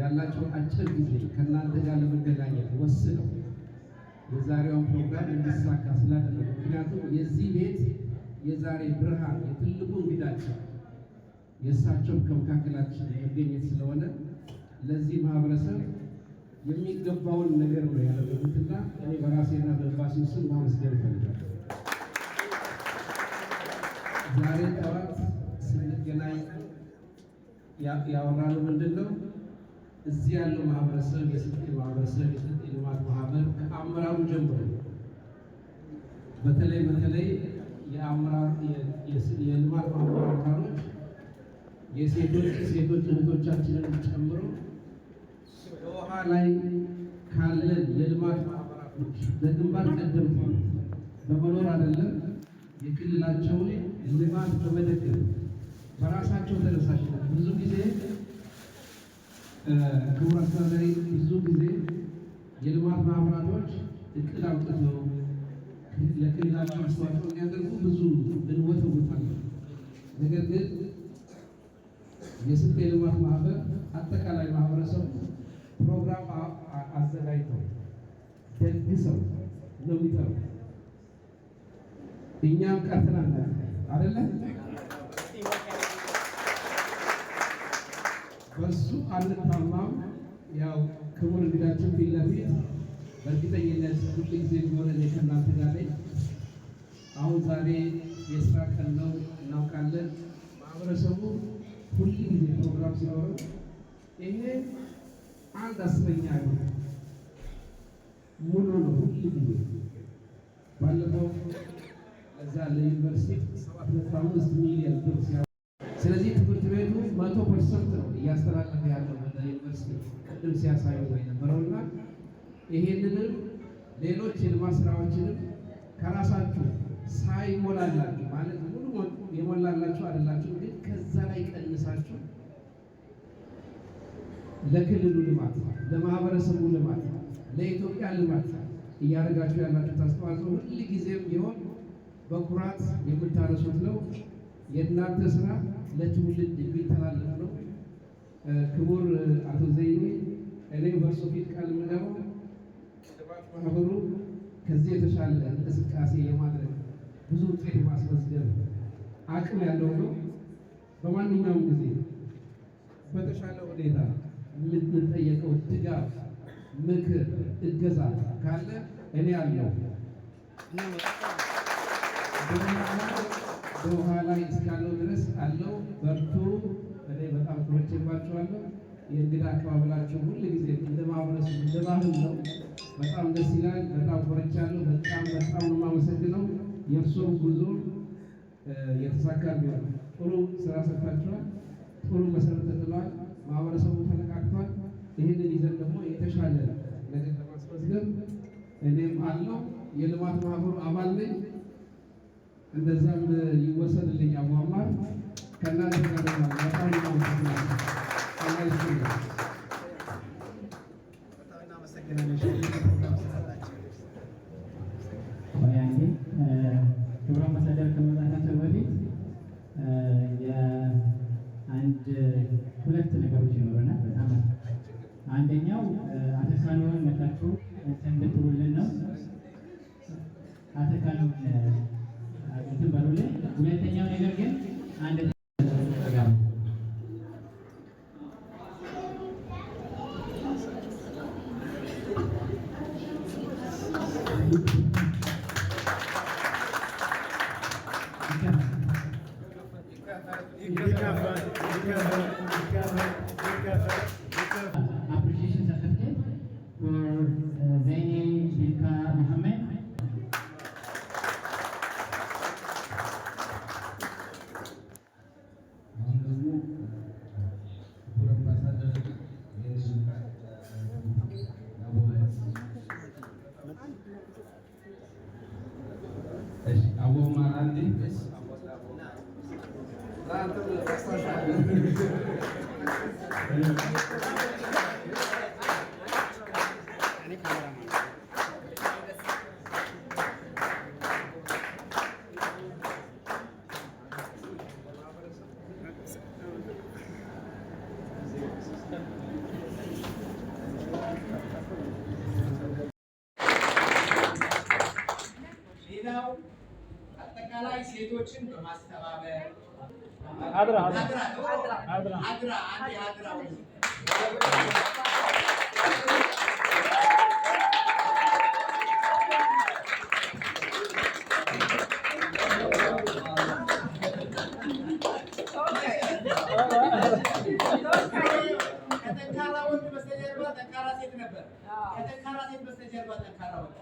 ያላቸው አጭር ጊዜ ከእናንተ ጋር ለመገናኘት ወስነው የዛሬውን ፕሮግራም እንዲሳካ ስላደረጉ፣ ምክንያቱም የዚህ ቤት የዛሬ ብርሃን የትልቁ እንግዳቸው የእሳቸው ከመካከላችን መገኘት ስለሆነ ለዚህ ማህበረሰብ የሚገባውን ነገር ነው ያደረጉትና እኔ በራሴና በኤምባሲው ስም ማመስገን እፈልጋለሁ። ዛሬ ጠዋት ስንገናኝ ያወራነው ምንድን ነው? እዚህ ያለው ማህበረሰብ የስልጤ ማህበረሰብ የስልጤ ልማት ማህበር ከአመራሩ ጀምሮ በተለይ በተለይ የልማት ማህበር የሴቶች ሴቶች እህቶቻችንን ጨምሮ በውሃ ላይ ካለን የልማት ማህበራቶች በግንባር ቀደምት በመኖር አይደለም የክልላቸውን ልማት በመደገፍ በራሳቸው ተነሳሽነት ብዙ ጊዜ ክቡር አስተዳዳሪ ብዙ ጊዜ የልማት ማህበራቶች እቅድ አውጥተው ለክልላቸው አስተዋጽኦ የሚያደርጉ ብዙ እንወተውታለን። ነገር ግን የስልጤ ልማት ማህበር አጠቃላይ ማህበረሰቡ ፕሮግራም አዘጋጅተው ደግሰው ነው የሚጠሩ። እኛም ቀርተናል አይደለም ያው ክቡር እንግዳችን ፊት ለፊት በእርግጠኝነት ሁሉ ጊዜ ቢሆን እኔ ከእናንተ ጋር ነኝ። አሁን ዛሬ የስራ ቀን ነው እናውቃለን። ማህበረሰቡ ሁሉ ጊዜ ፕሮግራም ሲኖረው ይሄ አንድ አስረኛ ነው ሙሉ ነው ሁሉ ጊዜ ባለፈው እዛ ለዩኒቨርሲቲ ሰባት ነጥብ አምስት ሚሊዮን ብር ሲያ ስለዚህ ትምህርት ቤቱ መቶ ፐርሰንት ነው እያስተላለፈ ያለው ዩኒቨርሲቲ ቅድም ሲያሳዩ የነበረውና ይሄንንም ሌሎች የልማት ስራዎችንም ከራሳችሁ ሳይሞላላችሁ ማለት ሙሉ የሞላላችሁ አይደላችሁ፣ ግን ከዛ ላይ ቀንሳችሁ ለክልሉ ልማት፣ ለማህበረሰቡ ልማት፣ ለኢትዮጵያ ልማት እያደረጋችሁ ያላችሁት አስተዋጽኦ ጊዜም ቢሆን በኩራት የምታነሱት ነው። የእናንተ ስራ ለትውልድ የሚተላለፍ ነው። ክቡር አቶ ዘይኔ እኔ በእርሱ ፊት ቃል ምለው ማህበሩ ከዚህ የተሻለ እንቅስቃሴ የማድረግ ብዙ ውጤት ማስመዝገብ አቅም ያለው ነው። በማንኛውም ጊዜ በተሻለ ሁኔታ የምንጠየቀው ድጋፍ፣ ምክር፣ እገዛ ካለ እኔ አለው። በውሃ ላይ እስካለው ድረስ አለው። በርቱ እኔ በጣም ተመቼባቸዋለሁ። የእንግዳ አቀባበላቸው ሁሉ ጊዜ እንደ ማህበረሰብ እንደ ባህል ነው። በጣም ደስ ይላል። በጣም ኮርቻለሁ። በጣም በጣም ነው የማመሰግነው። የእርስዎ ጉዞ የተሳካ ቢሆን ጥሩ ስራ ሰርታችኋል። ጥሩ መሰረተ ጥሏል። ማህበረሰቡ ተነቃቅቷል። ይህንን ይዘን ደግሞ የተሻለ ነገር ለማስመዝገብ እኔም አለው የልማት ማህበሩ አባል ነኝ። እንደዛም ይወሰድልኝ አሟማር ከእናንተ ጋር ተዘጋጅቶ ተንገጥሮልን ነው። እንትን በሉልን። ሁለተኛው ነገር ግን አንድ Obrigado. వచ్చింది ఆగ్రా ఆగ్రా ఆగ్రా ఆగ్రా ከጠንካራ ወንድ በስተጀርባ ጠንካራ ሴት ነበር። ከጠንካራ ሴት በስተጀርባ ጠንካራ ወንድ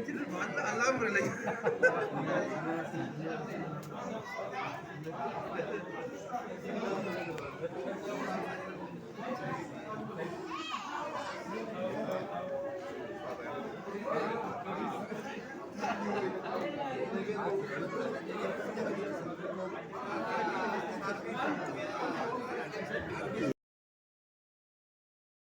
வச்சுட்டு இருப்பான் அல்லாமல் இல்லை Thank you.